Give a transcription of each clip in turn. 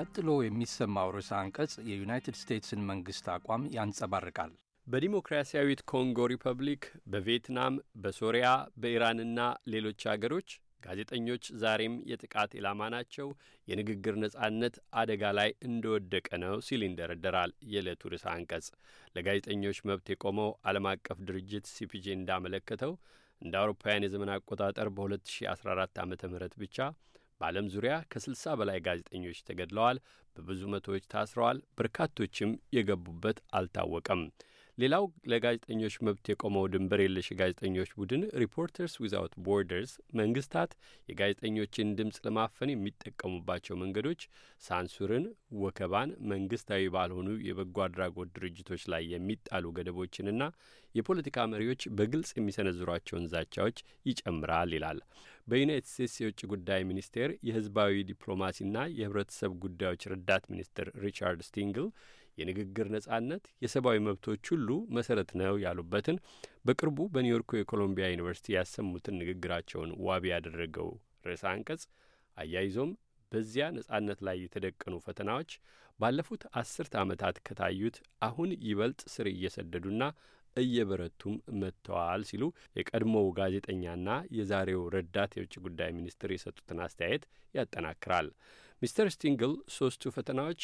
ቀጥሎ የሚሰማው ርዕሰ አንቀጽ የዩናይትድ ስቴትስን መንግሥት አቋም ያንጸባርቃል። በዲሞክራሲያዊት ኮንጎ ሪፐብሊክ፣ በቪየትናም፣ በሶሪያ፣ በኢራንና ሌሎች አገሮች ጋዜጠኞች ዛሬም የጥቃት ኢላማ ናቸው፣ የንግግር ነጻነት አደጋ ላይ እንደወደቀ ነው ሲል ይንደረደራል የዕለቱ ርዕሰ አንቀጽ። ለጋዜጠኞች መብት የቆመው ዓለም አቀፍ ድርጅት ሲፒጄ እንዳመለከተው እንደ አውሮፓውያን የዘመን አቆጣጠር በ2014 ዓ ም ብቻ በዓለም ዙሪያ ከ60 በላይ ጋዜጠኞች ተገድለዋል፣ በብዙ መቶዎች ታስረዋል፣ በርካቶችም የገቡበት አልታወቀም። ሌላው ለጋዜጠኞች መብት የቆመው ድንበር የለሽ ጋዜጠኞች ቡድን ሪፖርተርስ ዊዛውት ቦርደርስ መንግስታት የጋዜጠኞችን ድምፅ ለማፈን የሚጠቀሙባቸው መንገዶች ሳንሱርን፣ ወከባን፣ መንግስታዊ ባልሆኑ የበጎ አድራጎት ድርጅቶች ላይ የሚጣሉ ገደቦችንና የፖለቲካ መሪዎች በግልጽ የሚሰነዝሯቸውን ዛቻዎች ይጨምራል ይላል። በዩናይትድ ስቴትስ የውጭ ጉዳይ ሚኒስቴር የህዝባዊ ዲፕሎማሲና የህብረተሰብ ጉዳዮች ረዳት ሚኒስትር ሪቻርድ ስቲንግል የንግግር ነጻነት የሰብአዊ መብቶች ሁሉ መሰረት ነው ያሉበትን በቅርቡ በኒውዮርኩ የኮሎምቢያ ዩኒቨርሲቲ ያሰሙትን ንግግራቸውን ዋቢ ያደረገው ርዕሰ አንቀጽ አያይዞም በዚያ ነጻነት ላይ የተደቀኑ ፈተናዎች ባለፉት አስርት ዓመታት ከታዩት አሁን ይበልጥ ስር እየሰደዱና እየበረቱም መጥተዋል ሲሉ የቀድሞው ጋዜጠኛና የዛሬው ረዳት የውጭ ጉዳይ ሚኒስትር የሰጡትን አስተያየት ያጠናክራል። ሚስተር ስቲንግል ሶስቱ ፈተናዎች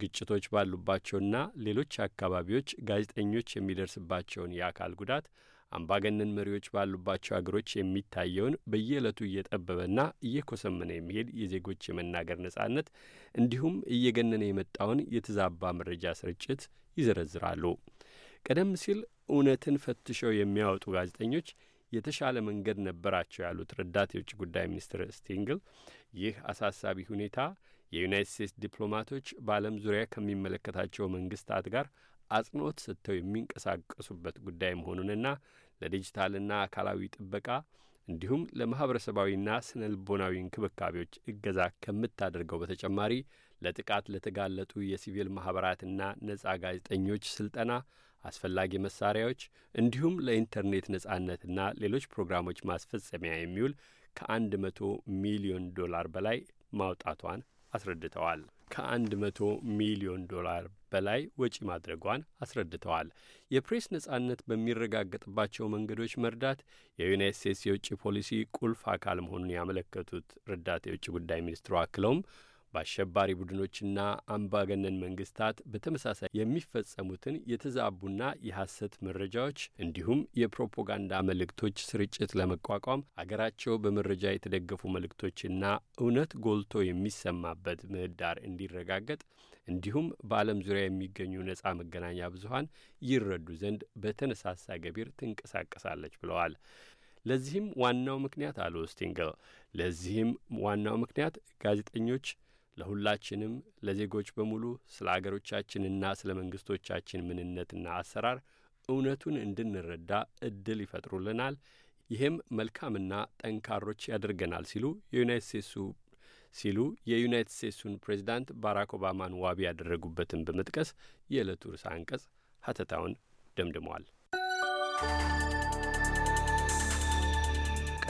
ግጭቶች ባሉባቸውና ሌሎች አካባቢዎች ጋዜጠኞች የሚደርስባቸውን የአካል ጉዳት አምባገነን መሪዎች ባሉባቸው አገሮች የሚታየውን በየዕለቱ እየጠበበና እየኮሰመነ የሚሄድ የዜጎች የመናገር ነጻነት እንዲሁም እየገነነ የመጣውን የተዛባ መረጃ ስርጭት ይዘረዝራሉ። ቀደም ሲል እውነትን ፈትሸው የሚያወጡ ጋዜጠኞች የተሻለ መንገድ ነበራቸው ያሉት ረዳት የውጭ ጉዳይ ሚኒስትር ስቲንግል ይህ አሳሳቢ ሁኔታ የዩናይት ስቴትስ ዲፕሎማቶች በዓለም ዙሪያ ከሚመለከታቸው መንግስታት ጋር አጽንኦት ሰጥተው የሚንቀሳቀሱበት ጉዳይ መሆኑንና ለዲጂታልና አካላዊ ጥበቃ እንዲሁም ለማኅበረሰባዊና ስነ ልቦናዊ እንክብካቤዎች እገዛ ከምታደርገው በተጨማሪ ለጥቃት ለተጋለጡ የሲቪል ማኅበራትና ነጻ ጋዜጠኞች ስልጠና፣ አስፈላጊ መሳሪያዎች እንዲሁም ለኢንተርኔት ነጻነትና ሌሎች ፕሮግራሞች ማስፈጸሚያ የሚውል ከአንድ መቶ ሚሊዮን ዶላር በላይ ማውጣቷን አስረድተዋል። ከአንድ መቶ ሚሊዮን ዶላር በላይ ወጪ ማድረጓን አስረድተዋል። የፕሬስ ነጻነት በሚረጋገጥባቸው መንገዶች መርዳት የዩናይት ስቴትስ የውጭ ፖሊሲ ቁልፍ አካል መሆኑን ያመለከቱት ረዳት የውጭ ጉዳይ ሚኒስትሩ አክለውም በአሸባሪ ቡድኖችና አምባገነን መንግስታት በተመሳሳይ የሚፈጸሙትን የተዛቡና የሐሰት መረጃዎች እንዲሁም የፕሮፓጋንዳ መልእክቶች ስርጭት ለመቋቋም አገራቸው በመረጃ የተደገፉ መልእክቶችና እውነት ጎልቶ የሚሰማበት ምህዳር እንዲረጋገጥ እንዲሁም በዓለም ዙሪያ የሚገኙ ነጻ መገናኛ ብዙሀን ይረዱ ዘንድ በተነሳሳ ገቢር ትንቀሳቀሳለች ብለዋል። ለዚህም ዋናው ምክንያት አሉ ስቲንግል፣ ለዚህም ዋናው ምክንያት ጋዜጠኞች ለሁላችንም ለዜጎች በሙሉ ስለ አገሮቻችንና ስለ መንግስቶቻችን ምንነትና አሰራር እውነቱን እንድንረዳ እድል ይፈጥሩልናል። ይህም መልካምና ጠንካሮች ያደርገናል ሲሉ የዩናይት ስቴትሱ ሲሉ የዩናይትድ ስቴትሱን ፕሬዚዳንት ባራክ ኦባማን ዋቢ ያደረጉበትን በመጥቀስ የዕለቱ ርዕሰ አንቀጽ ሀተታውን ደምድመዋል።